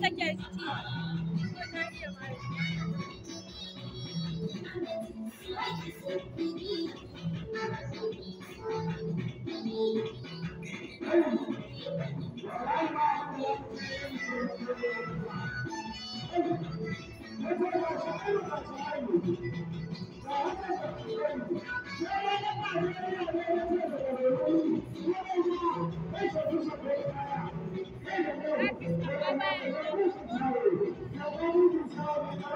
hata kiaziti Thank you.